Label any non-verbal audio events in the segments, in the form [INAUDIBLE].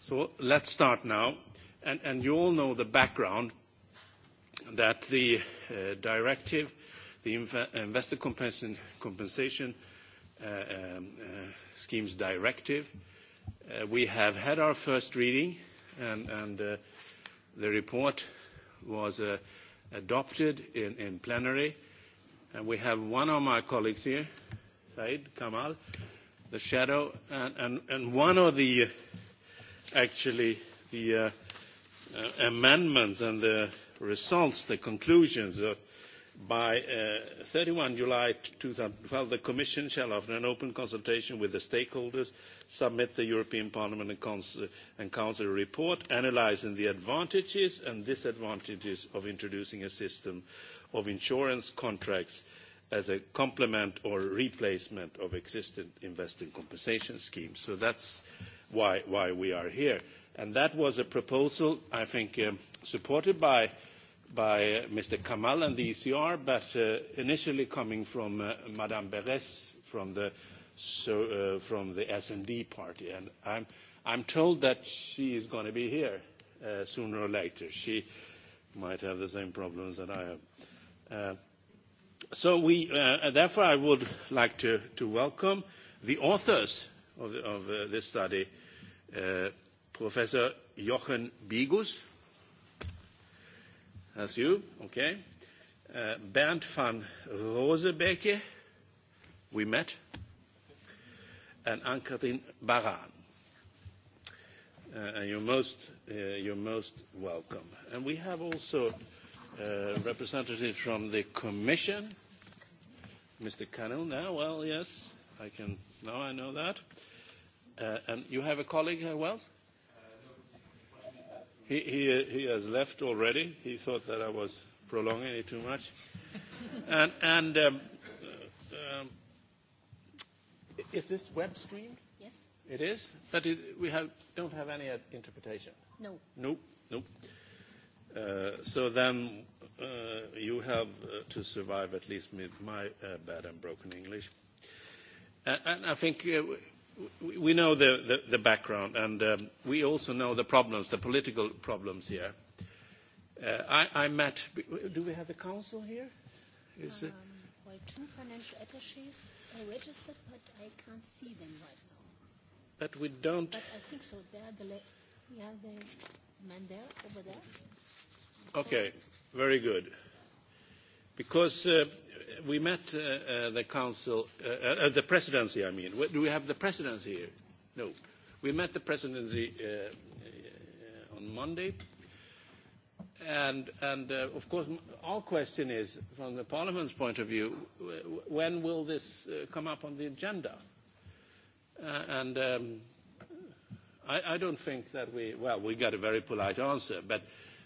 So let's start now. And, and you all know the background that the uh, directive, the inv investor compensation, compensation uh, um, uh, schemes directive, uh, we have had our first reading, and, and uh, the report was adopted in, in plenary. And we have one of my colleagues here, Said Kamal, the shadow, and, and, and one of the actually the uh, uh, amendments and the results, the conclusions. Uh, by uh, 31 July 2012, the Commission shall, after an open consultation with the stakeholders, submit the European Parliament and Council, and Council a report analysing the advantages and disadvantages of introducing a system of insurance contracts as a complement or replacement of existing investing compensation schemes. So that's uh, why, why we are here. And that was a proposal, I think, um, supported by, by uh, Mr. Kamal and the ECR, but uh, initially coming from uh, Madame Beres from the, so, uh, from the S&D party. And I'm, I'm told that she is going to be here uh, sooner or later. She might have the same problems that I have. Uh, so we, uh, therefore, I would like to, to welcome the authors of, of uh, this study, uh, Professor Jochen Bigus. That's you, okay. Uh, Bernd van Rosebeke, we met, and Ann-Kathrin Baran. Uh, you're most, uh, you're most welcome. And we have also uh, representatives from the Commission. Mr. Cannell now, well, yes. I can, now I know that. Uh, and you have a colleague, here, uh, Wells? He, he, he has left already. He thought that I was prolonging it too much. [LAUGHS] and and um, um, is this web streamed? Yes. It is? But it, we have, don't have any uh, interpretation? No. Nope, nope. Uh, so then uh, you have uh, to survive at least with my uh, bad and broken English. And I think uh, we know the, background, and um, we also know the problems, the political problems here. Uh, I, met. Do we have the council here? Is it? Um, well, two financial attaches are registered, but I can't see them right now. But we don't. But I think so. They are the yeah, the man there over there. Okay, very good. Because uh, we met uh, uh the council, uh, uh, the presidency, I mean. Do we have the presidency here? No. We met the presidency uh, on Monday. And, and of course, our question is, from the parliament's point of view, when will this come up on the agenda? And um, I, I don't think that we... Well, we got a very polite answer, but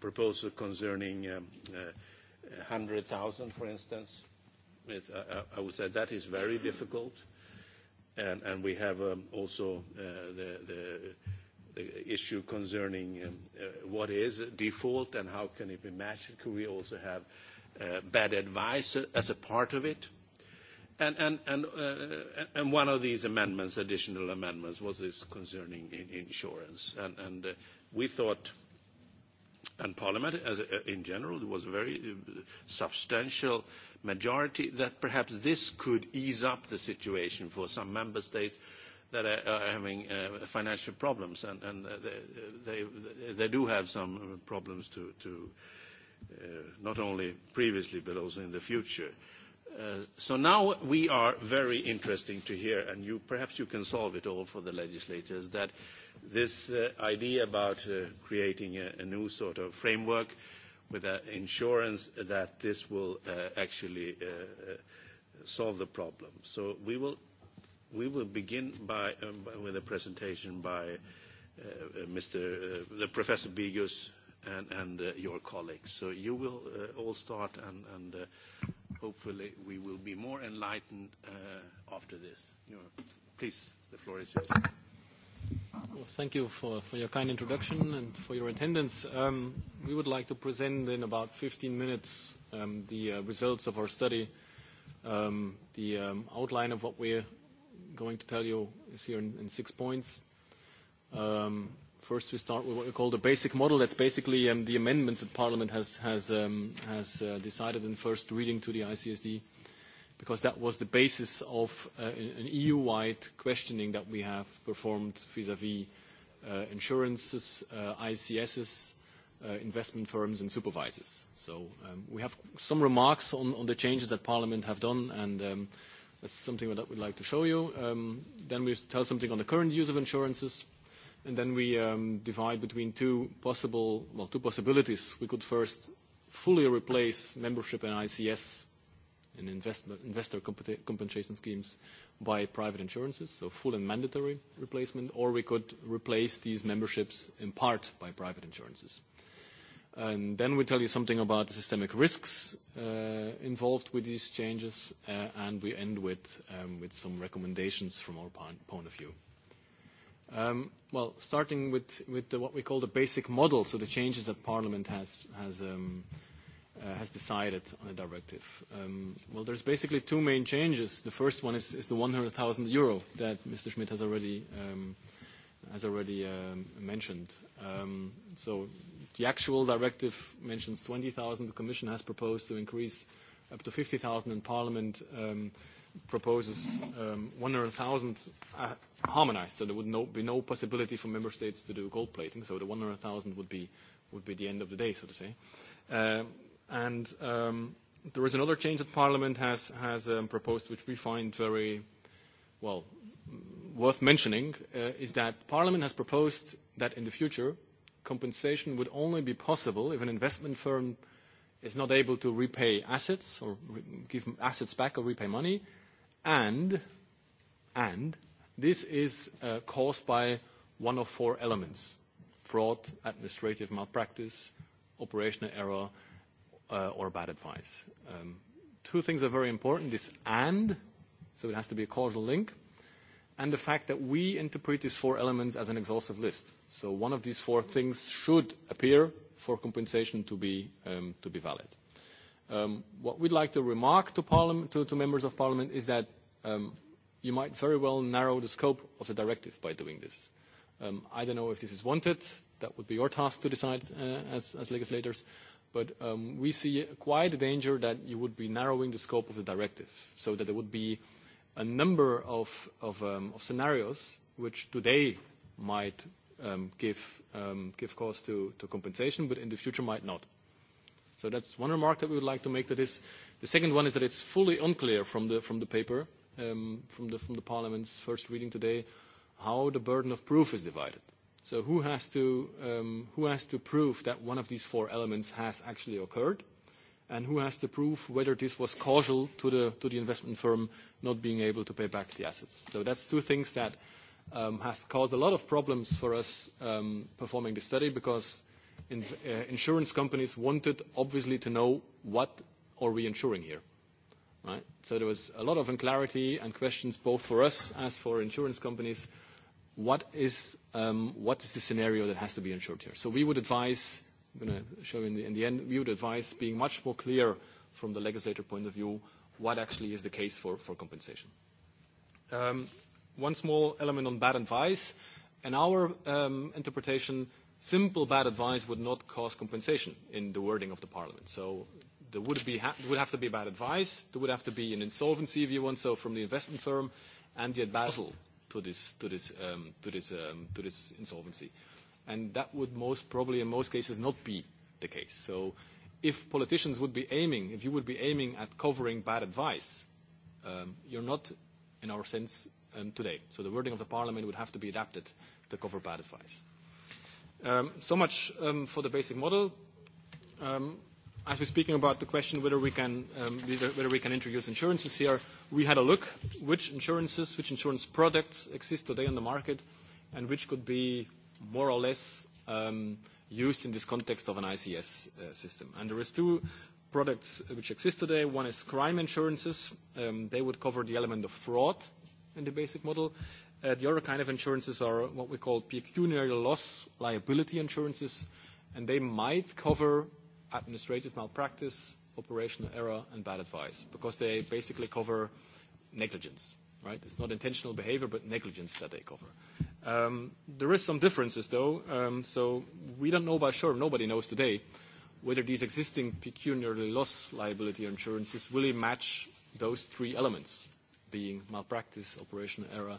proposal concerning um, 100,000, uh, for instance. Uh, uh, I, would say that is very difficult. we have um, also the, issue concerning um, what is default and how can it be matched. Could we also have bad advice as a part of it? one of these amendments, additional amendments, was this concerning insurance. we thought and Parliament as, uh, in general. There was a very uh, substantial majority that perhaps this could ease up the situation for some member states that are, having uh, financial problems, and, and they, they, they do have some problems to, to uh, not only previously but also in the future. Uh, so now we are very interesting to hear, and you, perhaps you can solve it all for the legislators, that uh, this uh, idea about uh, creating a, a new sort of framework with an insurance that this will uh, actually uh, uh, solve the problem. So we will, we will begin by, um, with a presentation by uh, uh Mr. Uh, the Professor Bigus and, and uh, your colleagues. So you will uh, all start and, and uh, hopefully we will be more enlightened uh, after this. You know, please, the floor is yours thank you for, for your kind introduction and for your attendance. Um, we would like to present in about 15 minutes um, the uh, results of our study. Um, the um, outline of what we're going to tell you is here in, in six points. Um, first, we start with what we call the basic model. That's basically um, the amendments that Parliament has, has, has uh, decided in first reading to the ICSD because that was the basis of uh, an EU-wide questioning that we have performed vis-à-vis uh, insurances, uh, ICSs, investment firms, and supervisors. So um, we have some remarks on, the changes that Parliament have done, and um, that's something that we'd like to show you. Um, then we tell something on the current use of insurances, and then we divide between two possible, well, two possibilities. We could first fully replace membership in ICS in investor compensation schemes by private insurances, so full and mandatory replacement, or we could replace these memberships in part by private insurances. And then we tell you something about the systemic risks uh, involved with these changes, uh, and we end with, um, with some recommendations from our point of view. Um, well, starting with, with the, what we call the basic model, so the changes that Parliament has, has um, Uh, has decided on a directive. Um, well, there's basically two main changes. The first one is, is the 100,000 euro that Mr. Schmidt has already um, has already um, mentioned. Um, so the actual directive mentions 20,000. The Commission has proposed to increase up to 50,000, and Parliament um, proposes um, 100,000 uh, harmonized. So there would no, be no possibility for member states to do gold plating. So the 100,000 would be would be the end of the day, so to say. Uh, And um, there is another change that Parliament has, has um, proposed, which we find very, well, worth mentioning, uh, is that Parliament has proposed that in the future, compensation would only be possible if an investment firm is not able to repay assets or re give assets back or repay money, and, and this is uh, caused by one of four elements: fraud, administrative malpractice, operational error, uh, or bad advice. Um, two things are very important, this and, so it has to be a causal link, and the fact that we interpret these four elements as an exhaustive list. So one of these four things should appear for compensation to be, um, to be valid. Um, what we'd like to remark to, parliament, to, to members of parliament is that um, you might very well narrow the scope of the directive by doing this. Um, I don't know if this is wanted. That would be your task to decide uh, as, as legislators. But um, we see quite a danger that you would be narrowing the scope of the directive so that there would be a number of, of, um, of scenarios which today might um, give, um, give cause to, to compensation, but in the future might not. So that's one remark that we would like to make to this. The second one is that it's fully unclear from the, from the paper, um, from the, from the parliament's first reading today, how the burden of proof is divided. So who has to um, who has to prove that one of these four elements has actually occurred, and who has to prove whether this was causal to the to the investment firm not being able to pay back the assets? So that's two things that um, has caused a lot of problems for us um, performing the study because uh, insurance companies wanted obviously to know what are we insuring here. Right? So there was a lot of unclarity and questions both for us as for insurance companies what is, um, what is the scenario that has to be ensured here? So we would advise, I'm going to show you in the, in the end, we would advise being much more clear from the legislator point of view what actually is the case for, for compensation. Um, one small element on bad advice. In our um, interpretation, simple bad advice would not cause compensation in the wording of the parliament. So there would, be ha- would have to be bad advice, there would have to be an insolvency, if you want so, from the investment firm, and the advisal to this, to this, um, to this, um, to this insolvency. And that would most probably, in most cases, not be the case. So if politicians would be aiming, if you would be aiming at covering bad advice, um, you're not, in our sense, um, today. So the wording of the parliament would have to be adapted to cover bad advice. Um, so much um, for the basic model. Um, as we're speaking about the question whether we can um, whether we can introduce insurances here, we had a look which insurances, which insurance products exist today on the market, and which could be more or less um, used in this context of an ICS uh, system. And there is two products which exist today. One is crime insurances. Um, they would cover the element of fraud in the basic model. Uh, the other kind of insurances are what we call pecuniary loss liability insurances, and they might cover administrative malpractice, operational error, and bad advice, because they basically cover negligence, right? It's not intentional behavior, but negligence that they cover. Um, there is some differences, though. Um, so we don't know by sure, nobody knows today, whether these existing pecuniary loss liability insurances really match those three elements, being malpractice, operational error,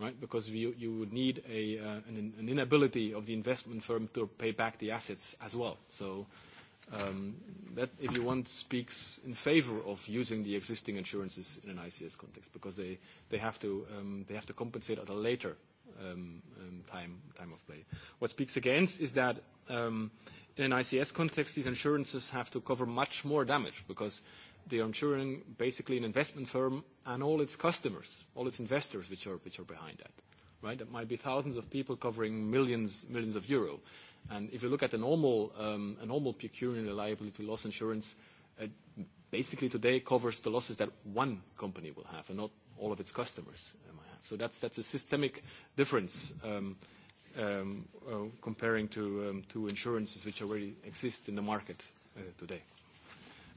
right? Because you would need uh, an, inability of the investment firm to pay back the assets as well. So um, that, if you want, speaks in favor of using the existing insurances in an ICS context because um, they, have, to, compensate at a later um, time of play. What speaks against is that in an ICS context, these insurances have to cover much more damage because the Arm Turing, basically an investment firm and all its customers, all its investors which are, behind that, right? That might be thousands of people covering millions, of EUR. if you look at a normal, um, a pecuniary liability loss insurance, it uh, basically today covers the losses that one company will have and not all of its customers uh, might have. that's, a systemic difference um, um, uh, comparing um, to, insurances which already exist in the market today.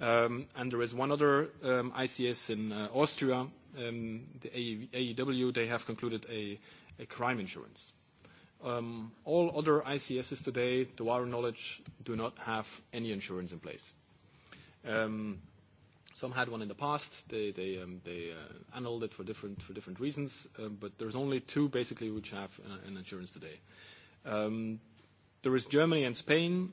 Um, and there is one other um, ICS in uh, Austria, um, the AEW, e they have concluded a, crime insurance. All other ICSs today, to our knowledge, do not have any insurance in place. Some had one in the past. They, uh, annulled it for different, reasons, but there's only two basically which have uh, an insurance today. There is Germany and Spain,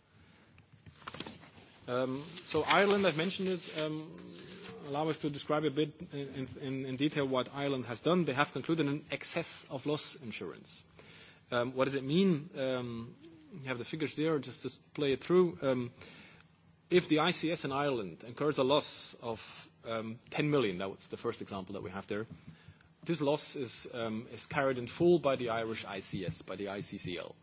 Um, so Ireland, I've mentioned it. Um, allow us to describe a bit in, detail what Ireland has done. They have concluded an excess of loss insurance. Um, what does it mean? you have the figures there, just to play it through. if the ICS in Ireland incurs a loss of um, 10 million, that was the first example that we have there, this loss is, carried in full by the Irish ICS, by the ICCL.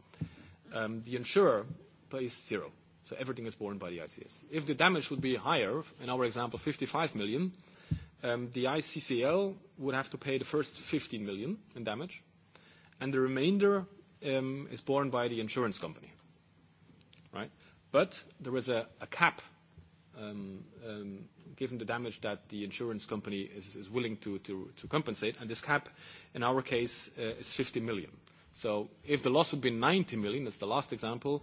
the insurer pays zero. So everything is borne by the ICS. If the damage would be higher, in our example, 55 million, um, the ICCL would have to pay the first 15 million in damage, and the remainder um, is borne by the insurance company. Right? But there is a, cap um, given the damage that the insurance company is, willing to, compensate, and this cap, in our case, uh, is 50 million. So if the loss would be 90 million, that's the last example,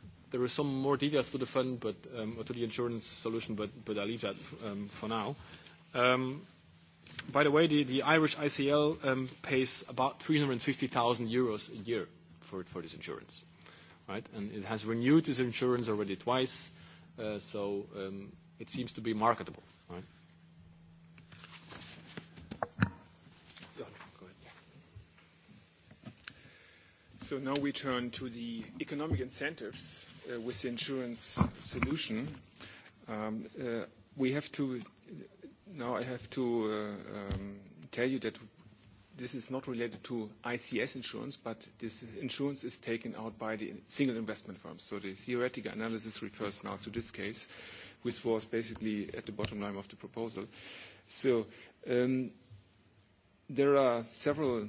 There are some more details to the fund, but um, or to the insurance solution, but I leave that um, for now. Um, by the way, the, Irish ICL pays about 350,000 euros a year for this insurance, right? And it has renewed this insurance already twice, uh, so it seems to be marketable, right? So now we turn to the economic incentives Uh, with the insurance solution, um, uh, we have to now I have to uh, um, tell you that this is not related to ICS insurance, but this insurance is taken out by the single investment firms. So the theoretical analysis refers now to this case, which was basically at the bottom line of the proposal. So um, there are several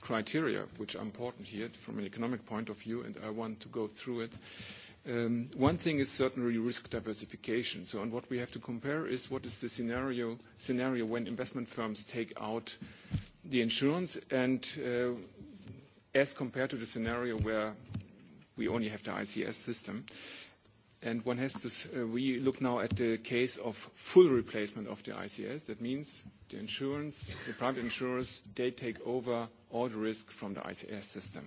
criteria which are important here from an economic point of view, and I want to go through it. Um, one thing is certainly risk diversification. So, and what we have to compare is what is the scenario, when investment firms take out the insurance and uh, as compared to the scenario where we only have the ICS system. And one has to uh, we look now at the case of full replacement of the ICS. That means the insurance, the private insurers, they take over all the risk from the ICS system.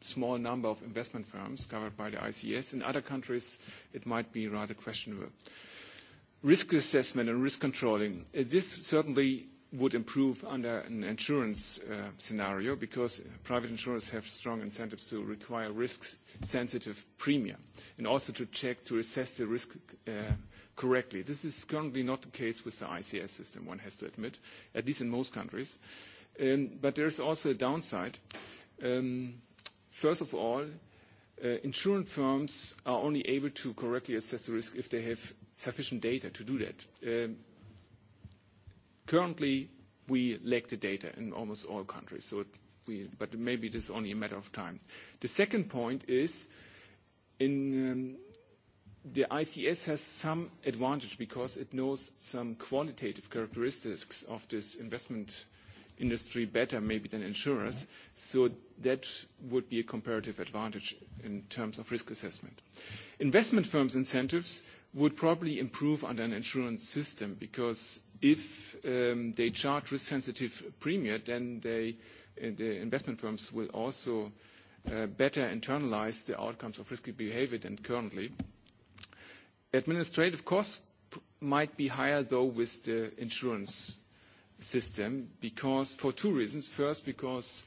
small number of investment firms covered by the ICS. In other countries, it might be rather questionable. Risk assessment and risk controlling. Uh, this certainly would improve under an insurance uh, scenario because private insurers have strong incentives to require risk-sensitive premia and also to check to assess the risk uh, correctly. This is currently not the case with the ICS system, one has to admit, at least in most countries. Um, but there's also a downside. Um, First of all, uh, insurance firms are only able to correctly assess the risk if they have sufficient data to do that. Um, currently, we lack the data in almost all countries, so we, but maybe it is only a matter of time. The second point is in um, the ICS has some advantage because it knows some qualitative characteristics of this investment industry better maybe than insurers. So that would be a comparative advantage in terms of risk assessment. Investment firms' incentives would probably improve under an insurance system because if um, they charge risk-sensitive premium, then they, uh, the investment firms will also uh, better internalize the outcomes of risky behavior than currently. Administrative costs might be higher, though, with the insurance system because for two reasons. First, because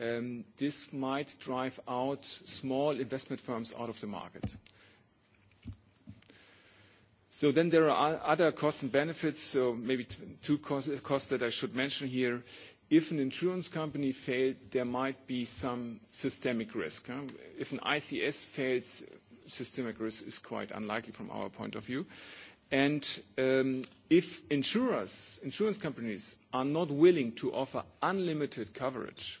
Um, this might drive out small investment firms out of the market. there are other costs and benefits, maybe two costs that I should mention here. If an insurance company failed, there might be some systemic risk. If an ICS fails, systemic risk is quite unlikely from our point of view. Um, if insurance companies are not willing to offer unlimited coverage,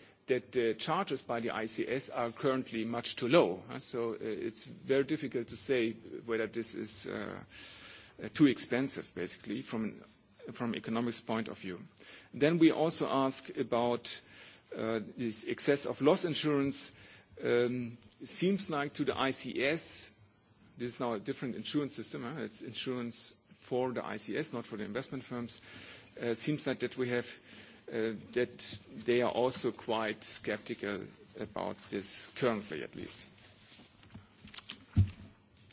that the charges by the ICS are currently much too low. Uh, so uh, it's very difficult to say whether this is uh, too expensive, basically, from from economics point of view. Then we also ask about this excess of loss insurance. Um, seems like to the ICS, this is now a different insurance system. Huh? It's insurance for the ICS, not for the investment firms. Uh, seems like that we have Uh, that they are also quite skeptical about this currently, at least.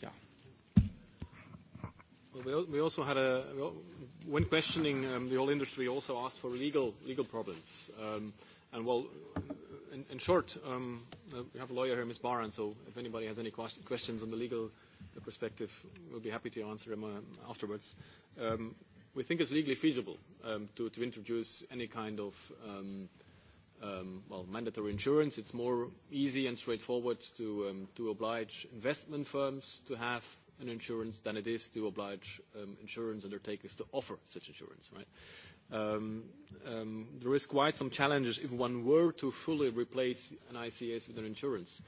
Yeah. we also had a when questioning um, the whole industry, also asked for legal problems. Um, well, in, short, um, uh, we have a lawyer here, Ms. Baran, so if anybody has any questions on the legal perspective, we'll be happy to answer them uh, afterwards we think it's legally feasible um, to, introduce any kind of um, um, well, mandatory insurance. It's more easy and straightforward to, oblige investment firms to have an insurance than it is to oblige insurance undertakers to offer such insurance, right? there is quite some challenges if one were to fully replace an ICS with an insurance.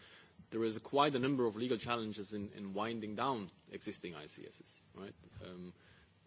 There is quite a number of legal challenges in, winding down existing ICSs, right?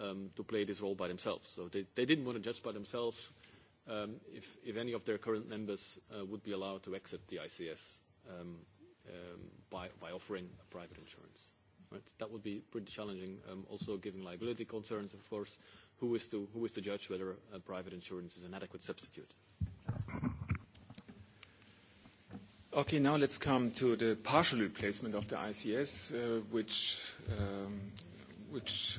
um, to play this role by themselves. So they, they didn't want to judge by themselves um, if, if any of their current members uh, would be allowed to exit the ICS um, um, by, by offering a private insurance. Right? That would be pretty challenging, Um, also given liability concerns, of course. Who is to, who is to judge whether a private insurance is an adequate substitute? Okay, now let's come to the partial replacement of the ICS, uh, which, um, which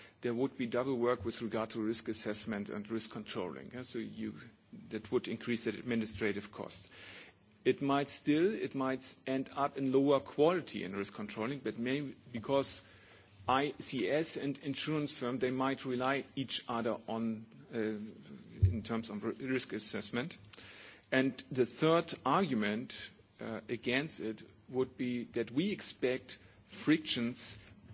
there would be double work with regard to risk assessment and risk controlling. So you, that would increase the administrative cost. It might still, it might end up in lower quality in risk controlling, but maybe because ICS and insurance firm, they might rely each other on, uh, in terms of risk assessment. And the third argument uh, against it would be that we expect frictions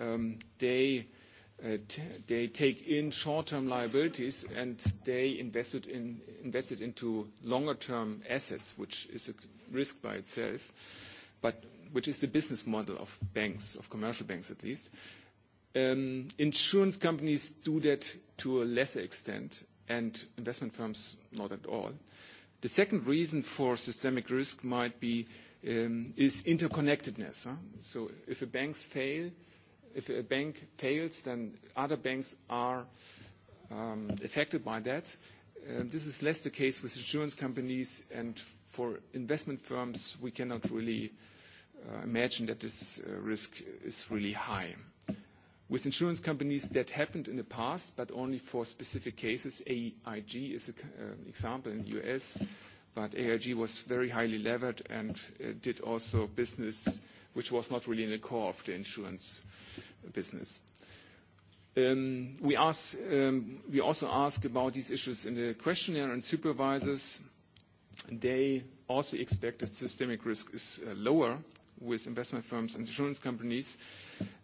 Um, uh, they take in short-term liabilities, and they invest it, into longer-term assets, which is a risk by itself, but which is the business model of banks, of commercial banks at least. Um, insurance companies do that to a lesser extent, and investment firms not at all. The second reason for systemic risk might be um, interconnectedness. if a banks fail, if a bank fails, then other banks are um, affected by that. Uh, this is less the case with insurance companies, and for investment firms, we cannot really uh, imagine that this uh, risk is really high. With insurance companies, that happened in the past, but only for specific cases. AIG is an uh, example in the U.S., but AIG was very highly levered and uh, did also business which was not really in the core of the insurance business. Um, we, ask, um, we also ask about these issues in the questionnaire, and supervisors, they also expect that systemic risk is uh, lower with investment firms and insurance companies.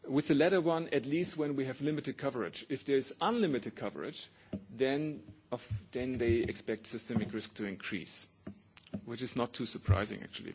With the latter one, at least when we have limited coverage. If there is unlimited coverage, then, of, then they expect systemic risk to increase, which is not too surprising, actually.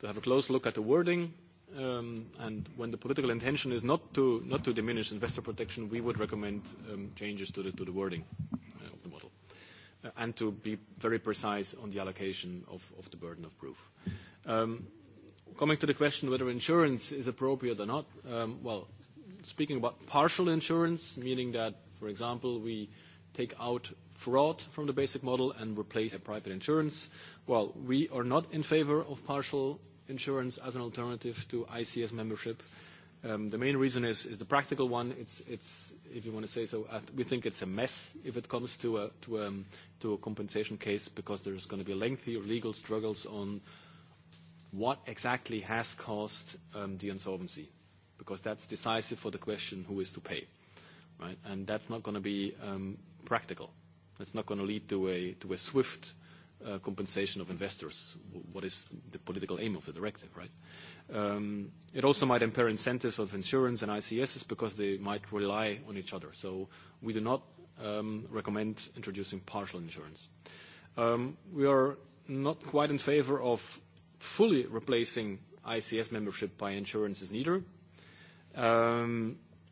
to have a close look at the wording. Um, and when the political intention is not to, not to diminish investor protection, we would recommend um, changes to the, to the wording uh, of the model uh, and to be very precise on the allocation of, of the burden of proof. Um, coming to the question whether insurance is appropriate or not, um, well, speaking about partial insurance, meaning that, for example, we take out fraud from the basic model and replace a private insurance. Well, we are not in favor of partial insurance as an alternative to ICS membership. Um, the main reason is, the practical one. It's, if you want to say so, we think it's a mess if it comes to a, um, compensation case because there's going to be lengthy legal struggles on what exactly has caused um, the insolvency, because that's decisive for the question who is to pay, right? And that's not going to be practical. It's not gonna lead to a, swift uh, compensation of investors, what is the political aim of the directive, right? Um, it also might impair incentives of insurance and ICSs because they might rely on each other. we do not um, recommend introducing partial insurance. Um, we are not quite in favor of fully replacing ICS membership by insurances neither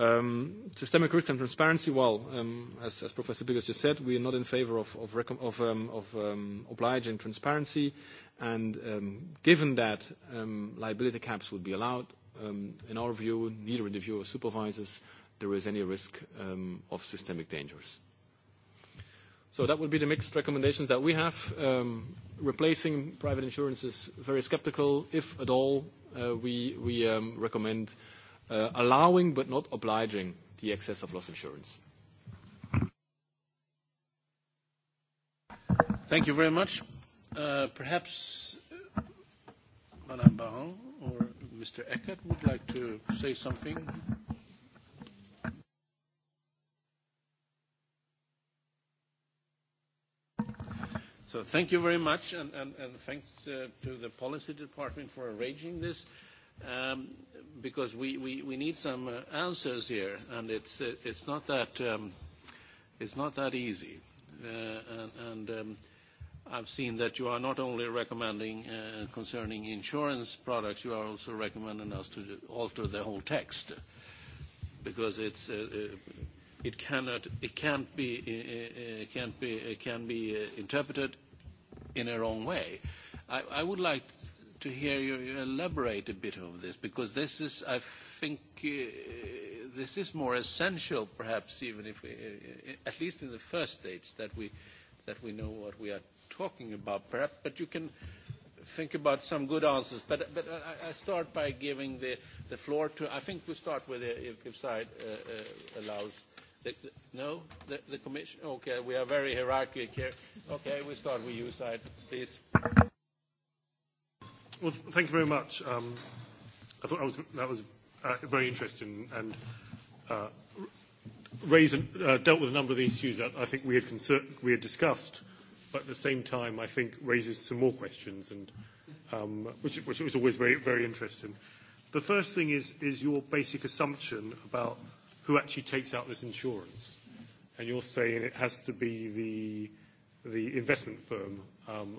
Um, systemic risk and transparency, well, um, as, as Professor Biggers just said, we are not in favor of, of, of, um, of um, obliging transparency. And um, given that um, liability caps would be allowed, in our view, neither in the view of supervisors, there is any risk of systemic dangers. So that would be the mixed recommendations that we have. Replacing private insurance is very skeptical. If at all, uh, we, we recommend Uh, allowing but not obliging the excess of loss insurance. Thank you very much. Uh, perhaps uh, Madame Baron or Mr. Eckert would like to say something. So thank you very much, and, thanks to the policy department for arranging this. Um, because we, need some uh, answers here, and it's, uh, um, not, that, easy. Uh, and, um, I've seen that you are not only recommending concerning insurance products, you are also recommending us to alter the whole text because it cannot it can't be can't be it can be interpreted in a wrong way. I would like to hear you elaborate a bit on this, because this is, I think, uh, this is more essential, perhaps, even if we, uh, at least in the first stage, that we, that we know what we are talking about, perhaps. But you can think about some good answers. But, but I, I start by giving the, the floor to, I think we start with, the, uh, if, if side uh, uh, allows, The, the, no? The, the commission? Okay, we are very hierarchic here. Okay, we start with you, side, please. Well, thank you very much. Um, I thought I was, that was uh, very interesting and uh, raised and, uh, dealt with a number of the issues that I think we had, concern, we had discussed, but at the same time, I think raises some more questions, and um, which, which was always very, very interesting. The first thing is, is your basic assumption about who actually takes out this insurance, and you're saying it has to be the, the investment firm um,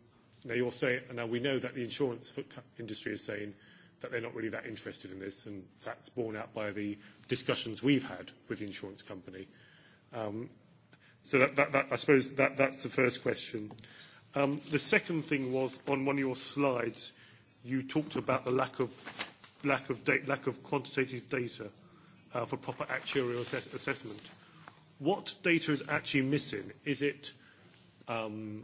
Now you'll say, and now we know that the insurance industry is saying that they're not really that interested in this, and that's borne out by the discussions we've had with the insurance company. Um, so that, I suppose that's the first question. Um, the second thing was on one of your slides, you talked about the lack of, lack lack of quantitative data uh, for proper actuarial assessment. What data is actually missing? Is it um,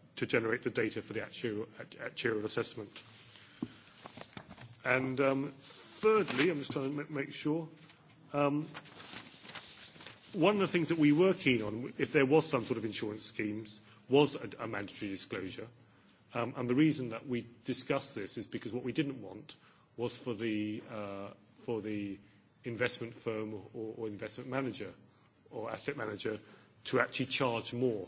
to generate the data for the actuarial, actuarial assessment. And um, thirdly, I'm just trying to make sure, um, one of the things that we were keen on, if there was some sort of insurance schemes, was a, a mandatory disclosure. Um, and the reason that we discussed this is because what we didn't want was for the, uh, for the investment firm or, or investment manager or asset manager to actually charge more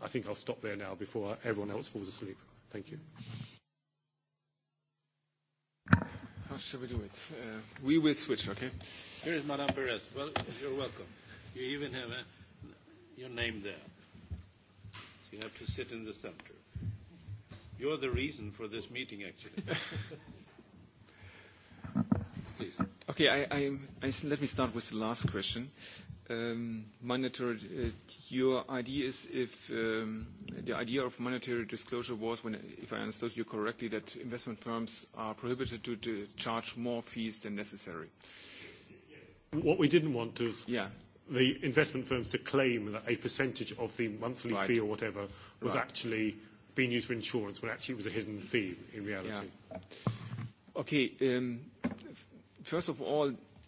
I think I'll stop there now before everyone else falls asleep. Thank you. How should we do it? Uh, we will switch, okay? Here is Madame Perez. Well, you're welcome. You even have a, your name there. So you have to sit in the center. You're the reason for this meeting, actually. [LAUGHS] Please. Okay, I, I, I, let me start with the last question mandatory, um, uh, your idea is if um, the idea of mandatory disclosure was, when, if I understood you correctly, that investment firms are prohibited to, charge more fees than necessary. What we didn't want is yeah. the investment firms to claim that a percentage of the monthly right. fee or whatever was actually being used for insurance when actually it was a hidden fee in reality. Yeah. Okay. Um, first of all,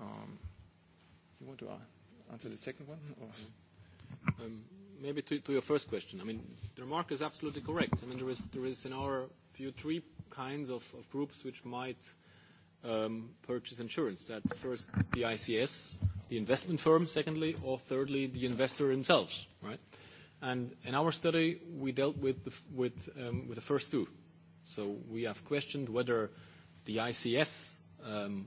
Um, you want to uh, answer the second one? Or? Um, maybe to, to your first question. I mean, the remark is absolutely correct. I mean, there is, there is in our view three kinds of, of groups which might um, purchase insurance. That first, the ICS, the investment firm, secondly, or thirdly, the investor themselves, right? And in our study, we dealt with the, with, um, with the first two. So we have questioned whether the ICS um,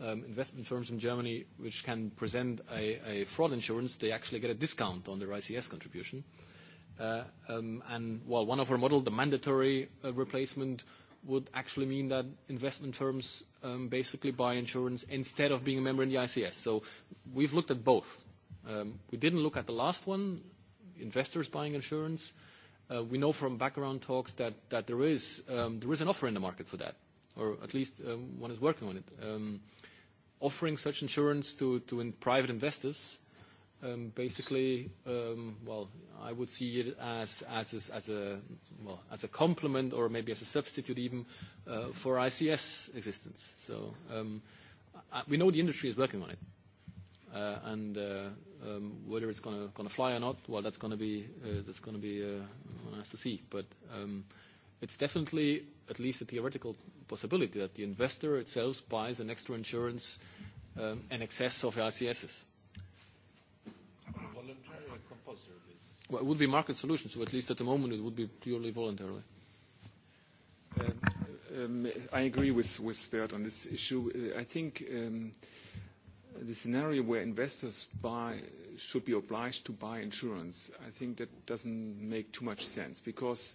Um, investment firms in Germany which can present a, fraud insurance, they actually get a discount on their ICS contribution. Uh, um, and while well, one of our model, the mandatory uh, replacement, would actually mean that investment firms um, basically buy insurance instead of being a member in the ICS. So we've looked at both. we didn't look at the last one, investors buying insurance. Uh, we know from background talks that, there, is, there is an offer in the market for that or at least um, one is working on it. Um, offering such insurance to, to in private investors, um, basically, um, well, I would see it as, as, as, a, well, as a complement or maybe as a substitute even uh, for ICS existence. So um, I, we know the industry is working on it. Uh, and uh, um, whether it's going to fly or not, well, that's going to be, uh, that's gonna be uh, one has to see. But um, it's definitely at least a theoretical possibility that the investor itself buys an extra insurance um, in excess of ICSs. Voluntary or compulsory basis? Well, it would be market solution, so at least at the moment, it would be purely voluntarily. Um, um, I agree with, with Bert on this issue. Uh, I think um, the scenario where investors buy, should be obliged to buy insurance, I think that doesn't make too much sense because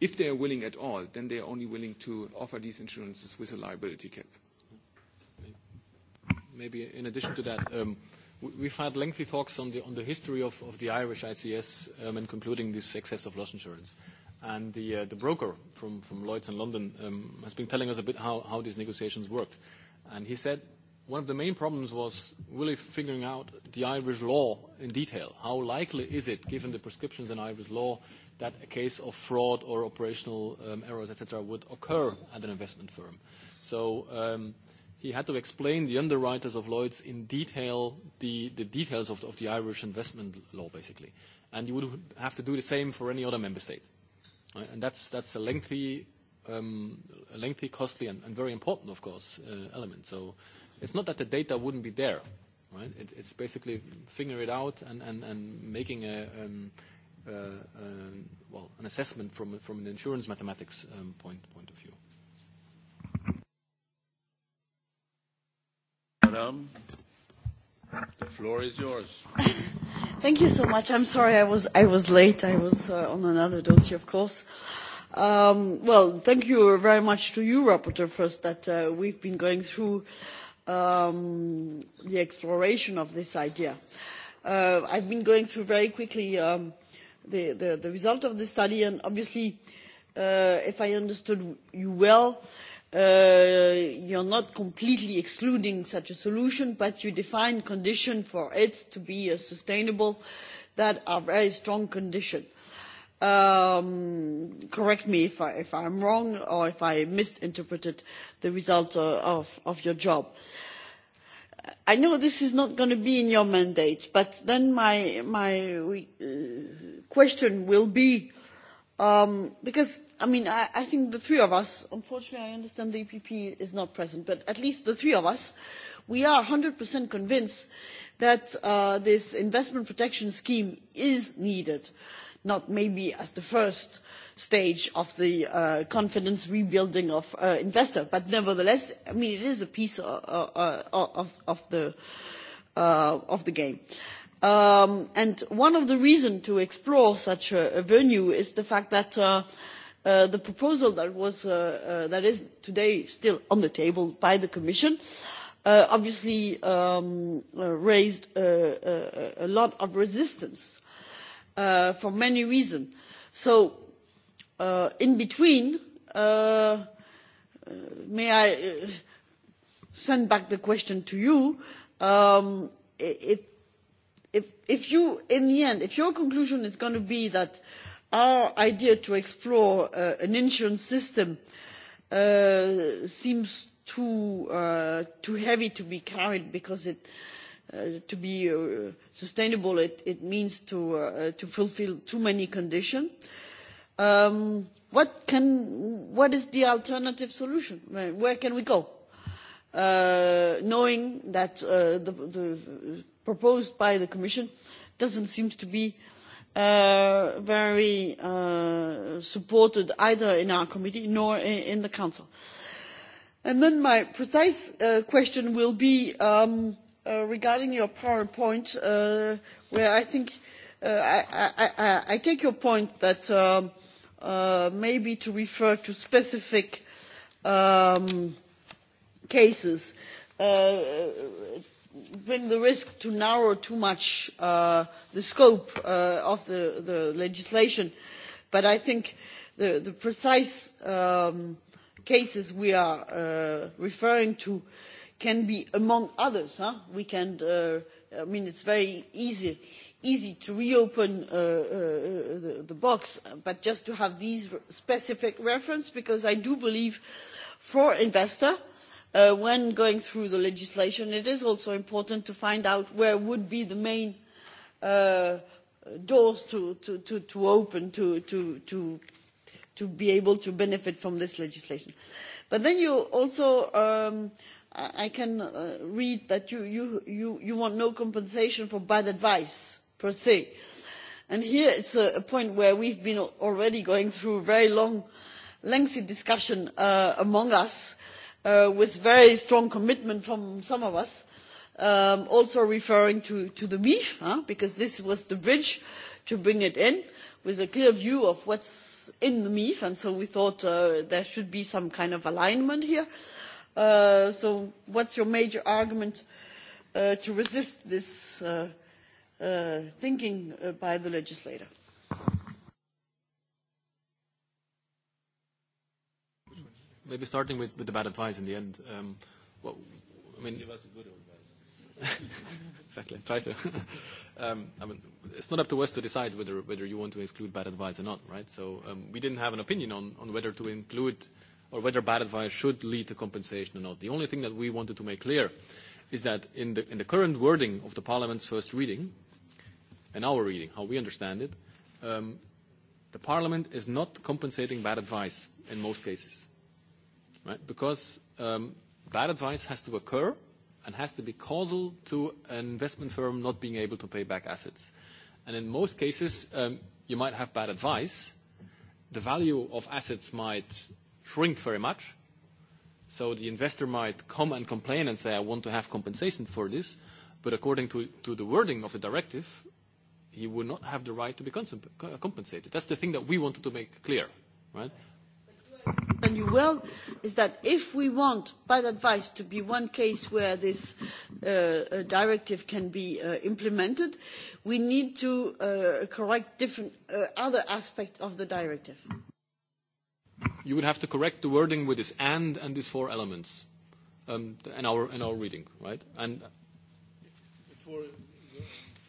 If they are willing at all, then they are only willing to offer these insurances with a liability cap. Maybe in addition to that, um, we've had lengthy talks on the, on the history of, of the Irish ICS um, and concluding this excess of loss insurance. And the, uh, the broker from, from Lloyd's in London um, has been telling us a bit how, how these negotiations worked. And he said one of the main problems was really figuring out the Irish law in detail. How likely is it, given the prescriptions in Irish law, that a case of fraud or operational um, errors, etc., would occur at an investment firm. So um, he had to explain the underwriters of Lloyd's in detail the, the details of the, of the Irish investment law, basically. And you would have to do the same for any other member state. Right? And that's, that's a lengthy, um, a lengthy costly, and, and very important, of course, uh, element. So it's not that the data wouldn't be there. Right? It, it's basically figuring it out and, and, and making a, um, Uh, um, well, an assessment from, an insurance mathematics um, point, of view. Madam, the floor is yours. [COUGHS] Thank you so much. I'm sorry I was, late. I was uh, on another dossier, of course. Um, well, thank you very much to you, Rapporteur, first, that uh, we've been going through the exploration of this idea. I've been going through very quickly the, result of the study and obviously uh, if i understood you well uh, you are not completely excluding such a solution but you define conditions for it to be sustainable that are very strong conditions. Um, correct me if, I, am wrong or if I misinterpreted the result uh, of, your job i know this is not going to be in your mandate but then my, my uh, question will be um, because i mean I, i think the three of us unfortunately i understand the epp is not present but at least the three of us we are one hundred convinced that uh, this investment protection scheme is needed not maybe as the first stage of the uh, confidence rebuilding of uh, investors But nevertheless, it is a piece uh, of, the, game. Um, one of the reasons to explore such a, venue is the fact that the proposal that, is today still on the table by the Commission obviously um, raised a lot of resistance for many reasons. So Uh, in between, uh, may I uh, send back the question to you? Um, if, if, if you, in the end, if your conclusion is going to be that our idea to explore uh, an insurance system uh, seems too, uh, too heavy to be carried because it Uh, to be uh, sustainable it, it means to, uh, to fulfil too many conditions. Um, what, can, what is the alternative solution? Where can we go? Uh, knowing that uh, the, the proposed by the Commission doesn't seem to be uh, very uh, supported either in our committee nor in, in the Council. And then my precise uh, question will be um, uh, regarding your PowerPoint, uh, where I think uh, Uh, I, take your point that um, uh, maybe to refer to specific um, cases uh, bring the risk to narrow too much uh, the scope of the, legislation. But I think the, precise um, cases we are referring to can be among others. We can, I mean, it's very easy easy to reopen uh, uh, uh the, box but just to have these specific references because i do believe for investors uh, when going through the legislation it is also important to find out where would be the main doors to, open to be able to benefit from this legislation. but then you also um, i can read that you want no compensation for bad advice per se. And here is a, point where we have been already going through a very long, lengthy discussion uh, among us uh, with very strong commitment from some of us, um, also referring to, the MIF, because this was the bridge to bring it in with a clear view of what is in the MIF, and so we thought uh, there should be some kind of alignment here. so what is your major argument to resist this Uh, thinking uh, by the legislator. Maybe starting with, with the bad advice in the end. Um, what, I mean, give us a good advice. [LAUGHS] exactly. Try to. [LAUGHS] Um, I mean, it's not up to us to decide whether whether you want to exclude bad advice or not, right? So um, we didn't have an opinion on, on whether to include or whether bad advice should lead to compensation or not. The only thing that we wanted to make clear is that in the, in the current wording of the Parliament's first reading, in our reading, how we understand it, um, the parliament is not compensating bad advice in most cases, right? Because um, bad advice has to occur and has to be causal to an investment firm not being able to pay back assets. And in most cases, um, you might have bad advice. The value of assets might shrink very much. So the investor might come and complain and say, I want to have compensation for this. But according to, to the wording of the directive, he would not have the right to be compensated. That's the thing that we wanted to make clear, right? And you will is that if we want bad advice to be one case where this uh, uh directive can be uh, implemented, we need to uh, correct different uh, other aspects of the directive. You would have to correct the wording with this and and these four elements, um, in, our in our reading, right? And for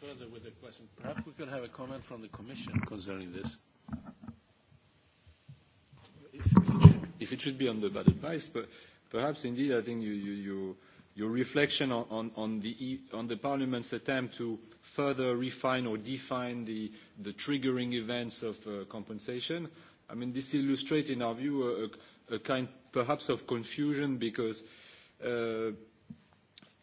further with the question. Perhaps we could have a comment from the Commission concerning this. If it should, be on the budget advice, but perhaps indeed, I think your reflection e, on, the, Parliament's attempt to further refine or define the, triggering events of uh, compensation, I mean, this illustrates, in our view, a, kind perhaps of confusion because uh,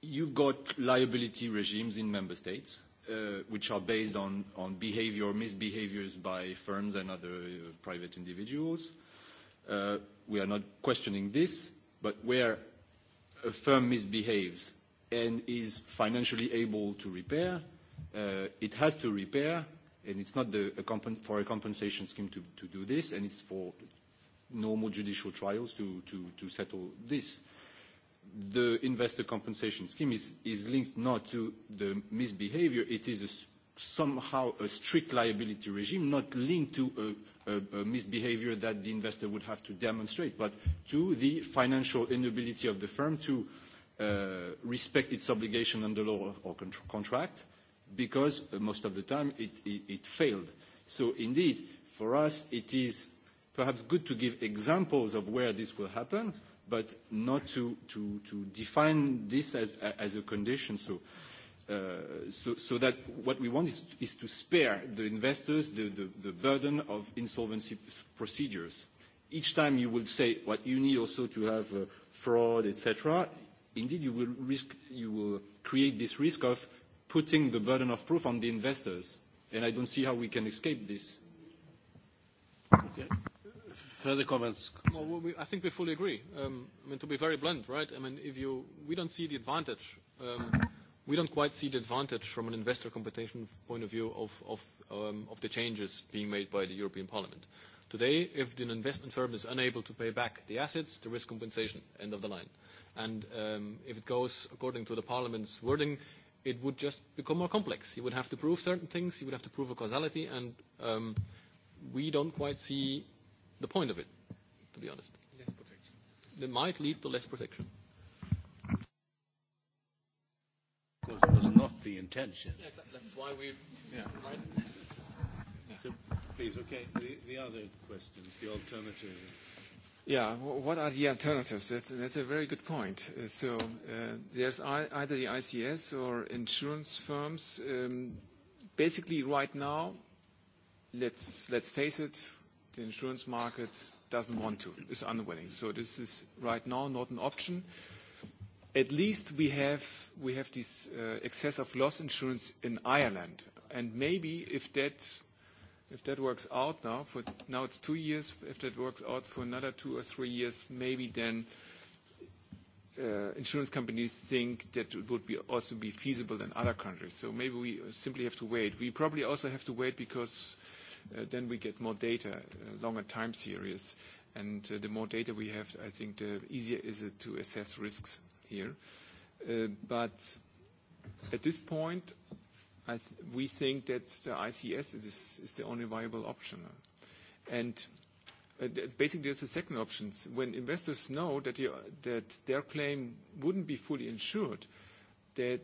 you've got liability regimes in member states Uh, which are based on, on behavior, misbehaviors by firms and other uh, private individuals. Uh, we are not questioning this, but where a firm misbehaves and is financially able to repair, uh, it has to repair, and it's not the, a for a compensation scheme to, to do this, and it's for normal judicial trials to, to, to settle this the investor compensation scheme is, is linked not to the misbehavior, it is a, somehow a strict liability regime, not linked to a, a, a misbehavior that the investor would have to demonstrate, but to the financial inability of the firm to uh, respect its obligation under law or contract, because uh, most of the time it, it, it failed. So indeed, for us, it is perhaps good to give examples of where this will happen, but not to, to, to define this as, as a condition. So, uh, so, so that what we want is, is to spare the investors the, the, the burden of insolvency procedures. Each time you will say what you need also to have uh, fraud, etc., indeed you will, risk, you will create this risk of putting the burden of proof on the investors. And I don't see how we can escape this. Okay. Further comments? Well, we, I think we fully agree. Um, I mean, to be very blunt, right? I mean, if you, we don't see the advantage. Um, we don't quite see the advantage from an investor competition point of view of, of, um, of the changes being made by the European Parliament. Today, if an investment firm is unable to pay back the assets, the risk compensation, end of the line. And um, if it goes according to the Parliament's wording, it would just become more complex. You would have to prove certain things, you would have to prove a causality, and um, we don't quite see the point of it, to be honest. Less protection. That might lead to less protection. Because it was not the intention. Yes, That's why we. Yeah. Right? yeah. So, please, okay. The, the other questions, the alternative. Yeah. What are the alternatives? That's, that's a very good point. Uh, so, uh, there's either the ICS or insurance firms. Um, basically, right now, let's, let's face it, the insurance market doesn't want to, is unwilling. So this is right now not an option. At least we have, we have this uh, excess of loss insurance in Ireland. And maybe if that, if that works out now, for now it's two years, if that works out for another two or three years, maybe then uh, insurance companies think that it would be also be feasible in other countries. So maybe we simply have to wait. We probably also have to wait because Uh, then we get more data, uh, longer time series. And uh, the more data we have, I think the easier is it to assess risks here. But at this point, we think that the ICS is, the only viable option. And basically, there's a second option. When investors know that, their claim wouldn't be fully insured, they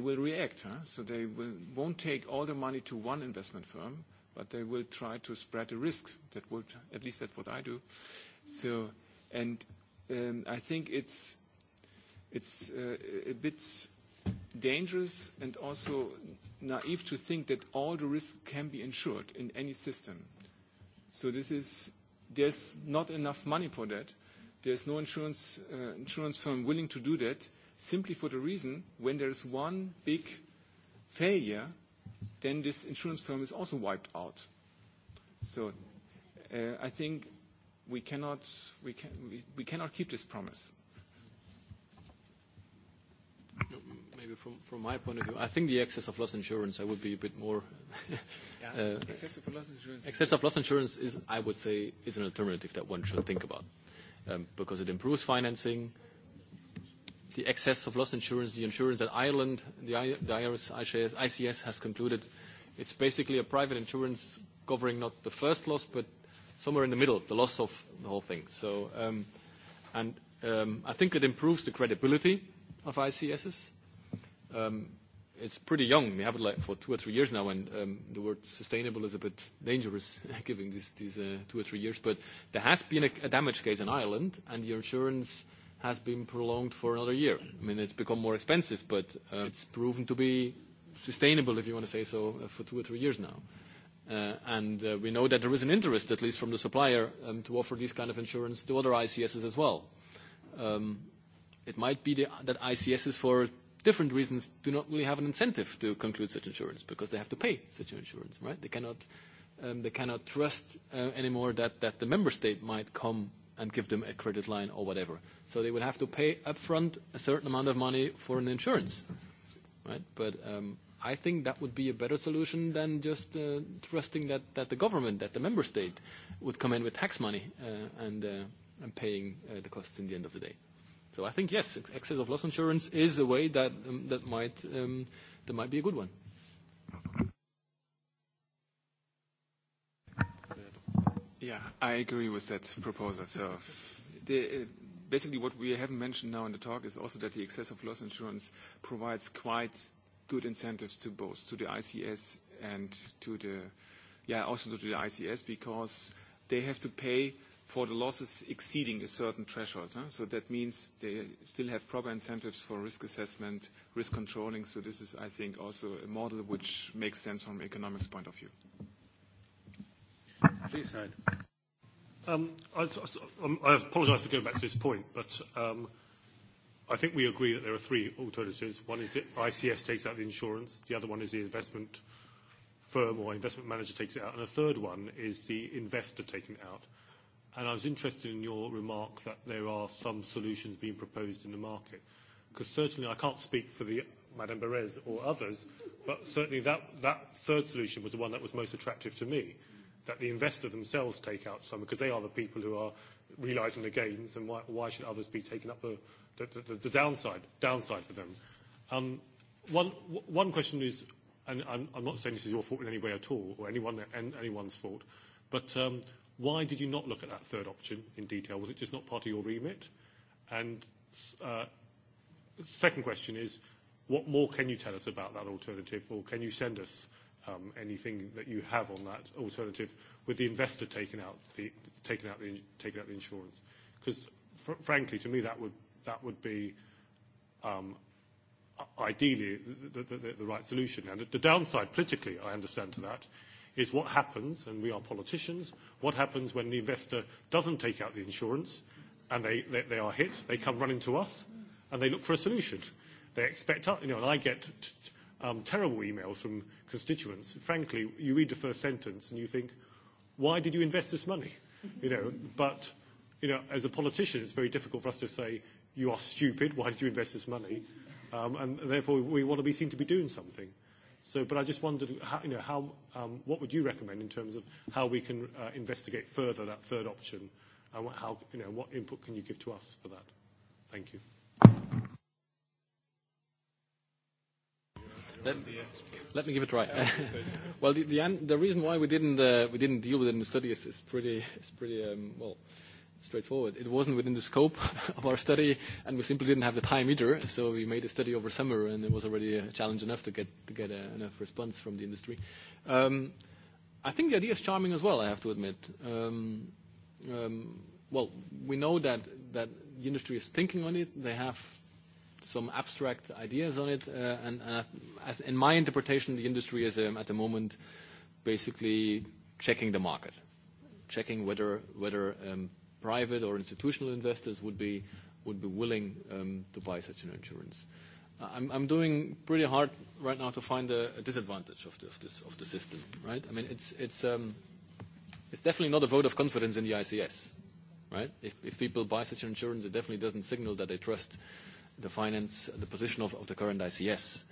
will react, So they won't take all the money to one investment firm but they will try to spread a risk. That would, at least that's what I do. So, and um, I think it's it's uh, a bit dangerous and also naive to think that all the risks can be insured in any system. So this is there's not enough money for that. There's no insurance uh, insurance firm willing to do that simply for the reason when there's one big failure then this insurance firm is also wiped out. So uh, I think we cannot, we, can, we, we cannot keep this promise. No, maybe from, from my point of view, I think the excess of loss insurance, I would be a bit more. [LAUGHS] yeah. uh, excess of loss insurance. Excess of loss insurance is, I would say, is an alternative that one should think about, um, because it improves financing, the excess of loss insurance, the insurance that Ireland, the ICS has concluded. It's basically a private insurance covering not the first loss, but somewhere in the middle, the loss of the whole thing. So, um, and um, I think it improves the credibility of ICSs. Um, it's pretty young. We have it like for two or three years now, and the word sustainable is a bit dangerous, [LAUGHS] given these, uh, two or three years. But there has been a damage case in Ireland, and the insurance has been prolonged for another year. I mean, it's become more expensive, but uh, it's proven to be sustainable, if you want to say so, uh, for two or three years now. Uh, and we know that there is an interest, at least from the supplier, um, to offer these kind of insurance to other ICSs as well. Um, it might be that ICSs, for different reasons, do not really have an incentive to conclude such insurance because they have to pay such an insurance, right? They cannot, um, they cannot trust anymore that, that the member state might come and give them a credit line or whatever. So they would have to pay upfront a certain amount of money for an insurance, right? But um, I think that would be a better solution than just uh, trusting that, that the government, that the member state, would come in with tax money uh, and, uh, and paying uh, the costs in the end of the day. So I think yes, excess of loss insurance is a way that um, that might um, that might be a good one. Yeah, I agree with that proposal. So the, uh, basically what we haven't mentioned now in the talk is also that the excess of loss insurance provides quite good incentives to both, to the ICS and to the, yeah, also to the ICS because they have to pay for the losses exceeding a certain threshold. Huh? So that means they still have proper incentives for risk assessment, risk controlling. So this is, I think, also a model which makes sense from an economics point of view. Please, Hyde. Um, um, I, apologize for going back to this point, but um, I think we agree that there are three alternatives. One is that ICS takes out the insurance, the other one is the investment firm or investment manager takes it out, and a third one is the investor taking it out. I was interested in your remark that there are some solutions being proposed in the market, because certainly I can't speak for the Madame Berès or others, but certainly that third solution was the one that was most attractive to me that the investor themselves take out some because they are the people who are realizing the gains and why, should others be taking up the, downside, for them? Um, one, question is, and I'm, not saying this is your fault in any way at all or anyone's fault, but um, why did you not look at that third option in detail? Was it just not part of your remit? And uh, second question is, what more can you tell us about that alternative or can you send us Um, anything that you have on that alternative with the investor taking out the, taking out the, taking out the insurance. 'Cause frankly, to me, that would, that would be um, ideally the, right solution. And the downside politically, I understand to that, is what happens, and we are politicians, what happens when the investor doesn't take out the insurance and they, they, they are hit, they come running to us, and they look for a solution. They expect us, you know, and I get um, terrible emails from constituents. Frankly, you read the first sentence and you think, why did you invest this money? You know, but you know, as a politician, it's very difficult for us to say, you are stupid, why did you invest this money? Um, and therefore, we want to be seen to be doing something. So, but I just wondered, how, you know, how, um, what would you recommend in terms of how we can uh, investigate further that third option, and what, how, you know, what input can you give to us for that? Thank you. Let, me give it a try. [LAUGHS] well, the, reason why we didn't, uh, we didn't deal with it in the study is, pretty, is pretty um, well, straightforward. It wasn't within the scope [LAUGHS] of our study, and we simply didn't have the time either. So we made a study over summer, and it was already a challenge enough to get, to get uh, enough response from the industry. Um, I think the idea is charming as well, I have to admit. Um, well, we know that, that the industry is thinking on it. They have some abstract ideas on it. Uh, and, uh, as in my interpretation, the industry is um, at the moment basically checking the market, checking whether, whether um, private or institutional investors would be, would be willing um, to buy such an insurance. Uh, I'm, I'm doing pretty hard right now to find a, a disadvantage of the, of, this, of the system, right? I mean, it's, it's, um, it's definitely not a vote of confidence in the ICS, right? If, if people buy such an insurance, it definitely doesn't signal that they trust the finance, the position of, of the current ICS.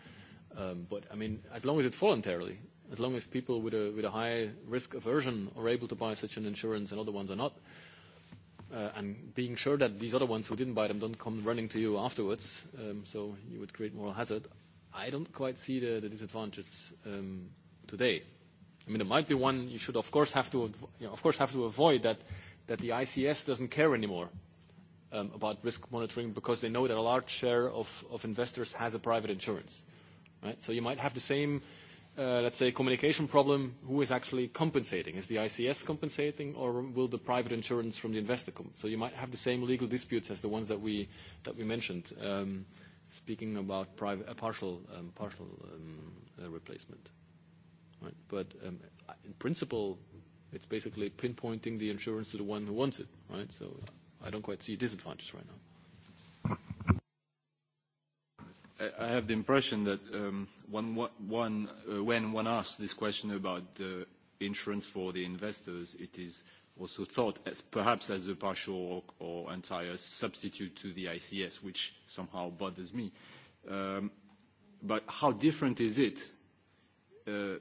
Um, but I mean, as long as it's voluntarily, as long as people with a, with a high risk aversion are able to buy such an insurance and other ones are not, uh, and being sure that these other ones who didn't buy them don't come running to you afterwards, um, so you would create moral hazard. I don't quite see the, the disadvantages um, today. I mean, there might be one you should, of course, have to, you know, of course, have to avoid that, that the ICS doesn't care anymore Um, about risk monitoring because they know that a large share of, of investors has a private insurance. Right? So you might have the same, uh, let's say, communication problem. Who is actually compensating? Is the ICS compensating, or will the private insurance from the investor come? So you might have the same legal disputes as the ones that we, that we mentioned, um, speaking about private, partial, um, partial uh, replacement. Right? But in principle, it's basically pinpointing the insurance to the one who wants it, right? So i don't quite see disadvantages right now. I have the impression that um, one, one, uh, when one asks this question about uh, insurance for the investors, it is also thought as perhaps as a partial or, or entire substitute to the ICS, which somehow bothers me. Um, but how different is it uh,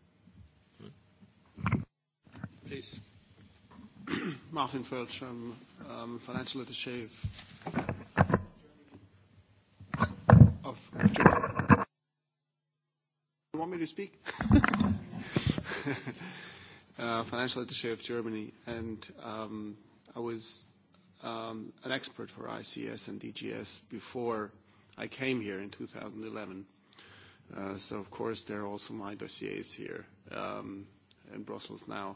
Please. [CLEARS THROAT] Martin Fölsch, um, um, financial attaché of, of, of Germany. You want me to speak? [LAUGHS] uh, financial attaché of Germany, and um, I was um, an expert for ICS and DGS before I came here in 2011. Uh, so of course there are also my dossiers here um, in Brussels now.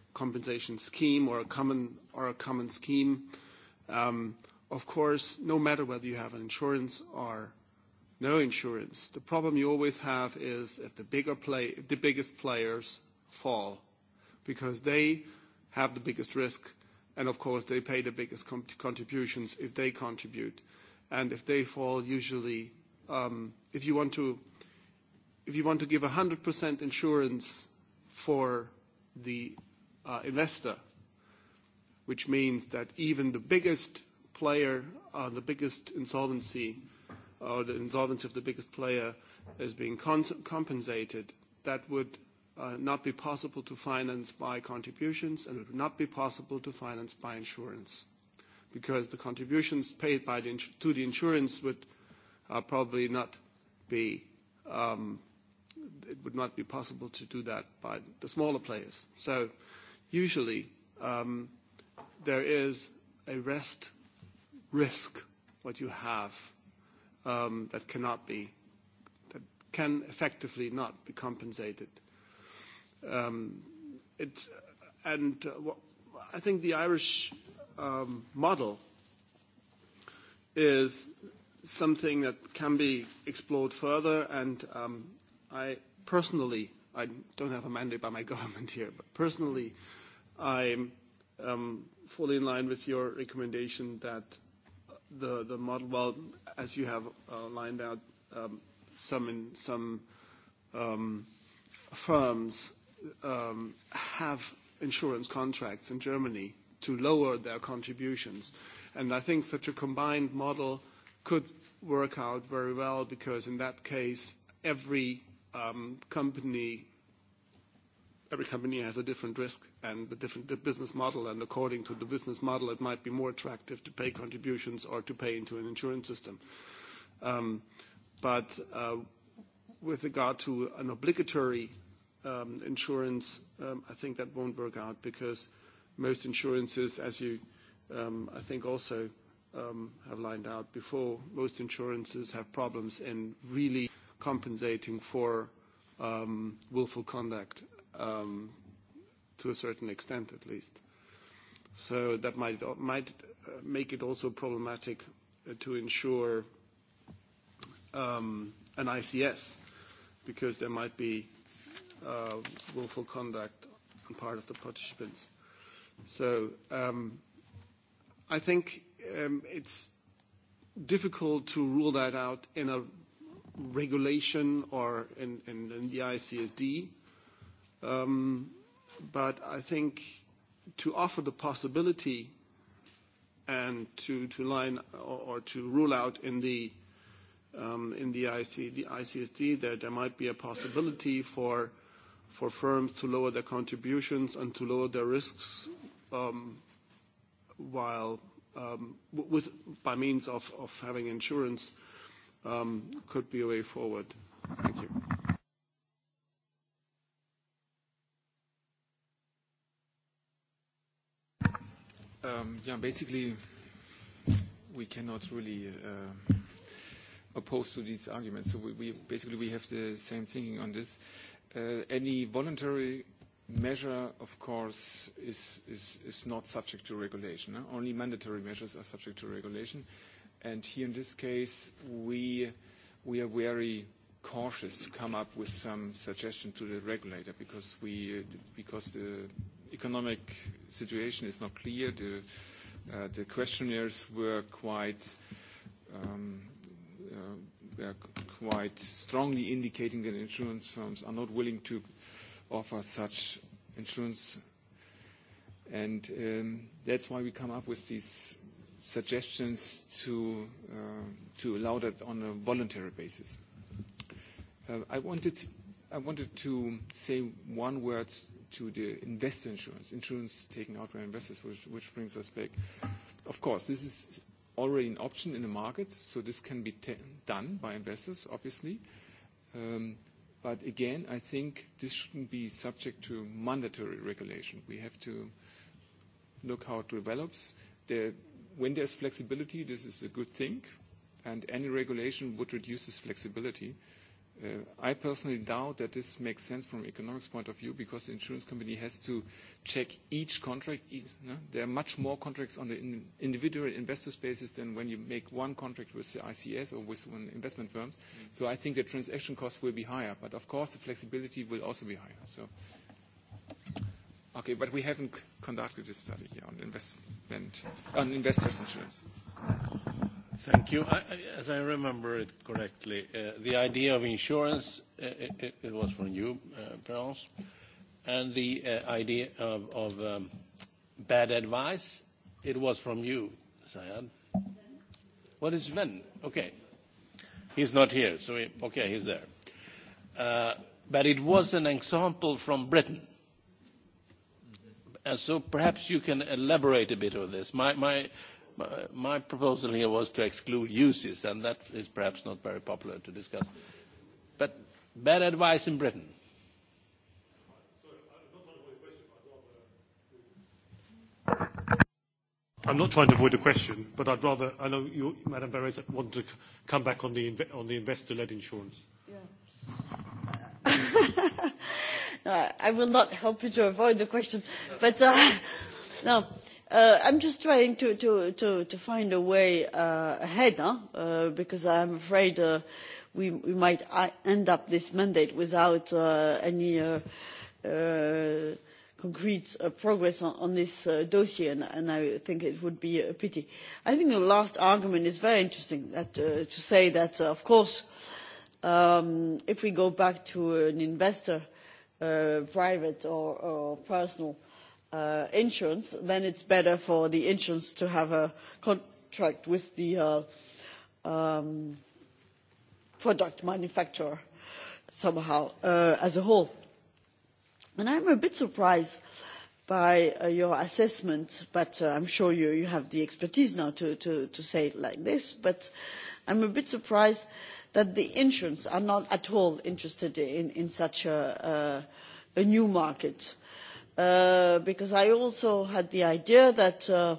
compensation scheme or a common, or a common scheme. Um, of course, no matter whether you have an insurance or no insurance, the problem you always have is if the bigger play, the biggest players fall, because they have the biggest risk, and of course, they pay the biggest contributions if they contribute. And if they fall, usually, um, if you want to, if you want to give 100% insurance for the Uh, investor, which means that even the biggest player, uh, the biggest insolvency, or the insolvency of the biggest player is being compensated. That would uh, not be possible to finance by contributions, and it would not be possible to finance by insurance, because the contributions paid by the to the insurance would uh, probably not be um, it would not be possible to do that by the smaller players. So usually um, there is a rest risk, what you have, um, that cannot be, that can effectively not be compensated. Um, it, and uh, well, I think the Irish um, model is something that can be explored further, and um, I personally, I don't have a mandate by my [LAUGHS] government here, but personally, I'm um, fully in line with your recommendation that the, the model, well, as you have uh, lined out, um, some, in, some um, firms um, have insurance contracts in Germany to lower their contributions. And I think such a combined model could work out very well because in that case, every um, company every company has a different risk and a different business model, and according to the business model, it might be more attractive to pay contributions or to pay into an insurance system. Um, but uh, with regard to an obligatory um, insurance, um, I think that won't work out because most insurances, as you, I think, also have lined out before, most insurances have problems in really compensating for willful conduct um, to a certain extent at least. So that might, might uh, make it also problematic uh, to ensure um, an ICS because there might be uh, willful conduct on part of the participants. So um, I think um, it's difficult to rule that out in a regulation or in, in, in the ICSD Um, but I think to offer the possibility and to, to line or, or to rule out in the um, in the, IC, the ICSD that there might be a possibility for for firms to lower their contributions and to lower their risks um, while um, with by means of, of having insurance um, could be a way forward. Thank you. Um, yeah, basically, we cannot really uh, oppose to these arguments. So we, we basically we have the same thinking on this. Uh, any voluntary measure, of course, is, is, is not subject to regulation. Eh? Only mandatory measures are subject to regulation. And here in this case, we, we are very cautious to come up with some suggestion to the regulator because, we, because the economic situation is not clear. The, uh, the questionnaires were quite um, uh, were quite strongly indicating that insurance firms are not willing to offer such insurance. And um, that's why we come up with these suggestions to, uh, to allow that on a voluntary basis. Uh, I, wanted, I wanted to say one word to the investor insurance, insurance taken out by investors, which, which brings us back. Of course, this is already an option in the market, so this can be done by investors, obviously. Um, but again, I think this shouldn't be subject to mandatory regulation. We have to look how it develops. There, when there's flexibility, this is a good thing, and any regulation would reduce this flexibility. Uh, Uh, I personally doubt that this makes sense from an economics point of view because the insurance company has to check each contract. E, no? There are much more contracts on the individual investor basis than when you make one contract with the ICS or with one investment firms. Mm. So I think the transaction cost will be higher, but of course, the flexibility will also be higher. So. Okay, but we haven't conducted this study here on investment, on investors insurance. Thank you. as I remember it correctly, uh, the idea of insurance, uh, it, was from you, Frans, uh, and the idea of, um, bad advice, it was from you, Sayad. What is Sven? Okay. He's not here, so okay, he's there. But it was an example from Britain. And so perhaps you can elaborate a bit on this. my my proposal here was to exclude uses, and that is perhaps not very popular to discuss. But bad advice in Britain. I'm not trying to avoid the question, but I'd rather, I know you, Madam Beres, want to come back on the, on the investor-led insurance. Yeah. [LAUGHS] no, I will not help you to avoid the question, but uh, no. Uh, I'm just trying to, find a way uh, ahead, huh? uh, because I'm afraid uh, we, might end up this mandate without any concrete progress on, this dossier, and, I think it would be a pity. I think the last argument is very interesting, to say that, of course, um, if we go back to an investor, private or, personal, Uh, insurance then it's better for the insurance to have a contract with the uh, um, product manufacturer somehow uh, as a whole. And I'm a bit surprised by your assessment, but i I'm sure you, have the expertise now to, say it like this, but I'm a bit surprised that the insurance are not at all interested in, such a new market Uh, because I also had the idea that uh,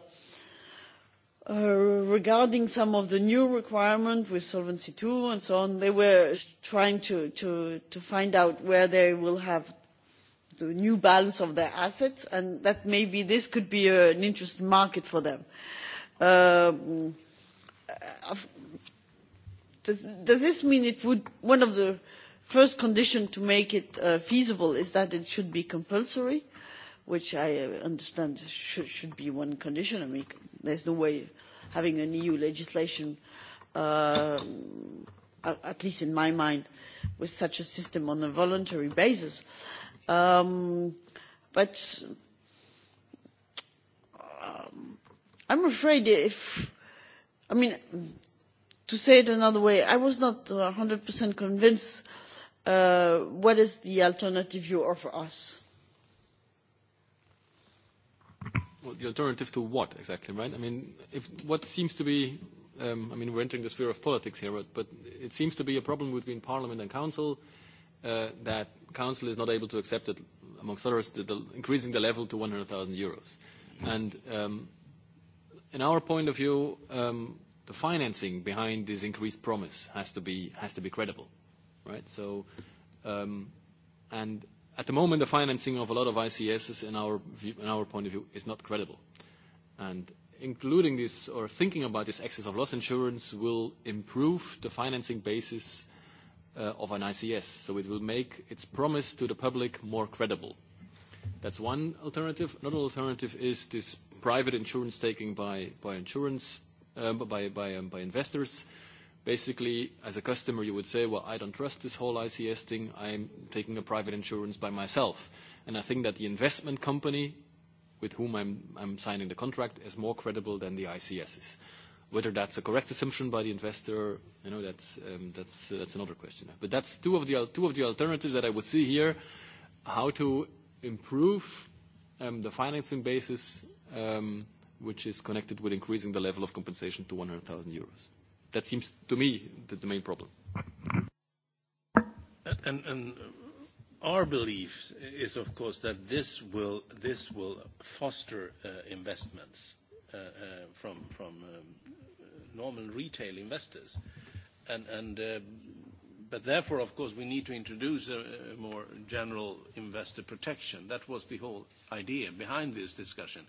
uh, regarding some of the new requirements with Solvency II and so on, they were trying to, to, to find out where they will have the new balance of their assets, and that maybe this could be a, an interesting market for them. Um, uh, does, does this mean it would one of the first condition to make it uh, feasible is that it should be compulsory which i uh, understand should, should be one condition. i mean there's no way having an eu legislation uh, at least in my mind with such a system on a voluntary basis um, but um, i'm afraid if i mean to say it another way i was not one hundred convinced Uh, what is the alternative you offer us? Well, the alternative to what exactly, right? I mean, if what seems to be, um, I mean, we're entering the sphere of politics here, but, but it seems to be a problem between Parliament and Council uh, that Council is not able to accept it, amongst others, the, the, increasing the level to 100,000 euros. And um, in our point of view, um, the financing behind this increased promise has to be, has to be credible right? So, um, and at the moment, the financing of a lot of ICSs, in our view, in our point of view, is not credible. And including this or thinking about this excess of loss insurance will improve the financing basis uh, of an ICS. So it will make its promise to the public more credible. That's one alternative. Another alternative is this private insurance taking by, by insurance uh, by, by, um, by investors basically, as a customer, you would say, well, I don't trust this whole ICS thing. I'm taking a private insurance by myself. And I think that the investment company with whom I'm, signing the contract is more credible than the ICSs. Whether that's a correct assumption by the investor, you know, that's, um, that's, another question. But that's two of, the, two of the alternatives that I would see here, how to improve um, the financing basis, um, which is connected with increasing the level of compensation to 100,000 euros. That seems to me the, the main problem. And, and our belief is, of course, that this will, this will foster uh, investments uh, uh, from, from um, normal retail investors. And, and, uh, but therefore, of course, we need to introduce a, a more general investor protection. That was the whole idea behind this discussion. Uh,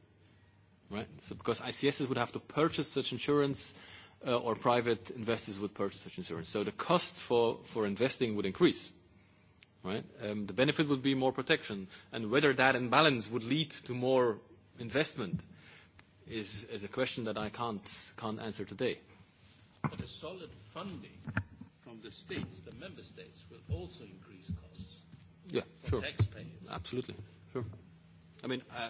right? So because ICSs would have to purchase such insurance, uh, or private investors would purchase such insurance. So the cost for, for investing would increase, right? Um, the benefit would be more protection, and whether that imbalance would lead to more investment is, is a question that I can't, can't answer today. But a solid funding from the states, the member states, will also increase costs. Yeah, for sure. taxpayers. Absolutely, sure. I mean, uh,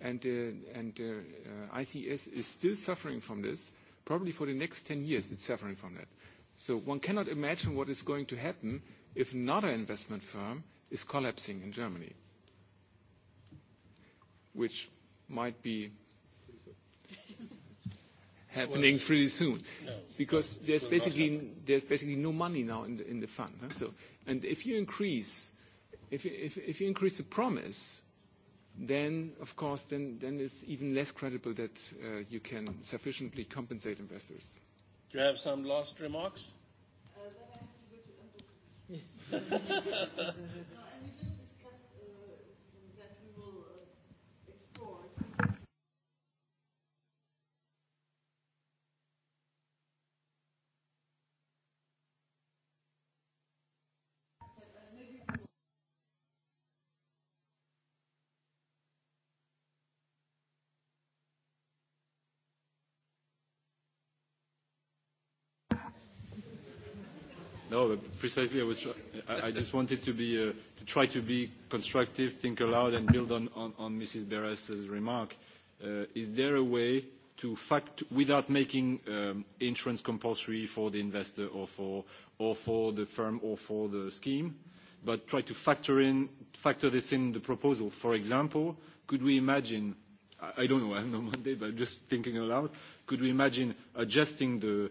and, uh, uh, uh, ICS is still suffering from this. Probably for the next 10 years, it's suffering from that. So one cannot imagine what is going to happen if another investment firm is collapsing in Germany, which might be [LAUGHS] happening pretty soon. No. because there's basically, no money now in the, fund. and if you increase the promise then of course then, it's even less credible that uh, you can sufficiently compensate investors. Do you have some last remarks? Uh, I I [LAUGHS] [LAUGHS] No, mean, Uh, No, precisely. I was. I, I just wanted to be uh, to try to be constructive, think aloud, and build on on, on Mrs. Beres's remark. Uh, is there a way to fact without making um, insurance compulsory for the investor or for or for the firm or for the scheme, but try to factor in factor this in the proposal? For example, could we imagine? I, I don't know. I have no [LAUGHS] mandate, but just thinking aloud. Could we imagine adjusting the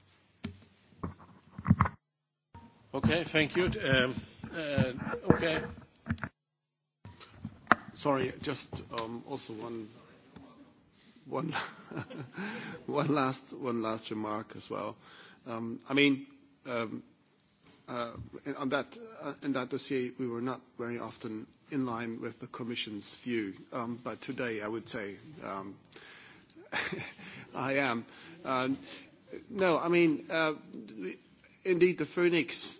Okay, thank you. Um, uh, okay. Sorry, just um, also one one [LAUGHS] one last remark as well. Um, I mean, uh, on that, uh, in that dossier, we were not very often in line with the commission's view. but today, I would say, [LAUGHS] I am. No, I mean, indeed, the Phoenix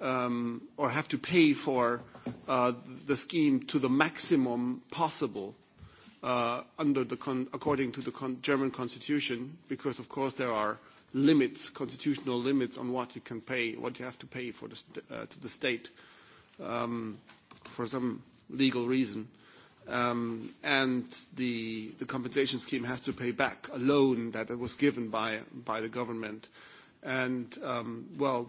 Um, or have to pay for uh, the scheme to the maximum possible uh, under the according to the German constitution, because of course there are limits, constitutional limits on what you can pay, what you have to pay for the uh, to the state um, for some legal reason. Um, and the, compensation scheme has to pay back a loan that was given by, by the government. And, well,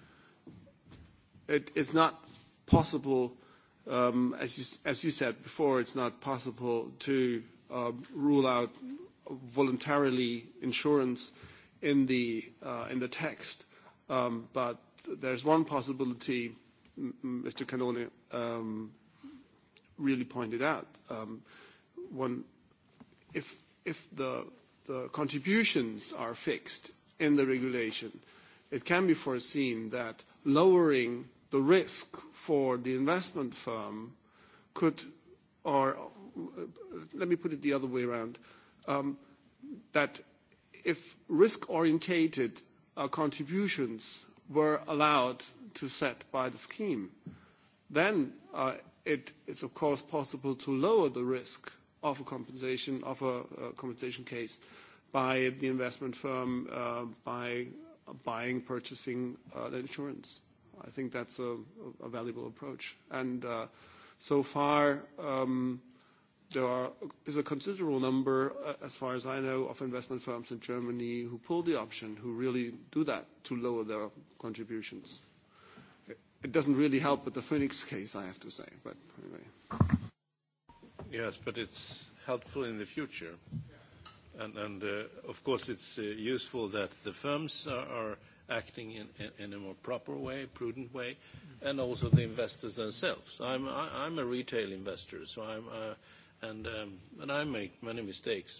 it is not possible, um, as, you, as you said before, it's not possible to um, rule out voluntarily insurance in the, uh, in the text. Um, but there's one possibility Mr. Canone um, really pointed out. Um, one, if, if the, the contributions are fixed in the regulation, it can be foreseen that lowering the risk for the investment firm could, or let me put it the other way around, um, that if risk-orientated uh, contributions were allowed to set by the scheme, then uh, it is of course possible to lower the risk of a compensation of a, a compensation case by the investment firm uh, by buying, purchasing uh, the insurance. I think that's a, a valuable approach. And uh, so far, um, there are, is a considerable number, uh, as far as I know, of investment firms in Germany who pull the option, who really do that to lower their contributions. It doesn't really help with the Phoenix case, I have to say, but anyway. Yes, but it's helpful in the future. And, and uh, of course, it's uh, useful that the firms are, are – acting in, in, in a more proper way, prudent way, and also the investors themselves. I'm, I, I'm a retail investor, so I'm, uh, and, um, and I make many mistakes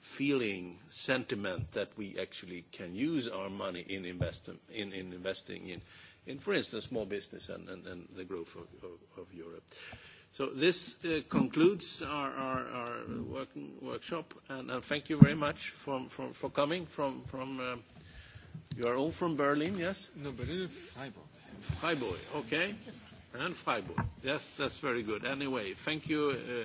feeling, sentiment that we actually can use our money in, investing in, in, for instance, small business and, the growth of, Europe. So this uh, concludes our, working workshop, and, thank you very much for, coming from. Uh, you are all from Berlin, yes? No, Berlin, Freiburg. Freiburg, okay. And Freiburg. Yes, that's very good. Anyway, thank you. Uh,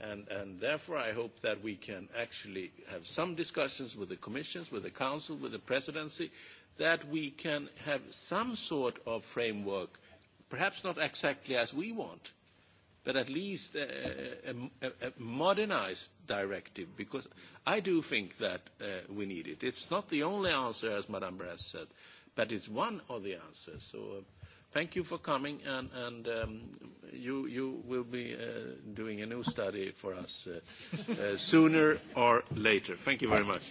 And, and therefore, I hope that we can actually have some discussions with the commissions, with the council, with the presidency, that we can have some sort of framework, perhaps not exactly as we want, but at least a, a, a modernized directive, because I do think that uh, we need it. It's not the only answer, as Madame Bress said, but it's one of the answers. So, uh, Thank you for coming, and, um, you, will be uh, doing a new study for us uh, uh, sooner or later. Thank you very much.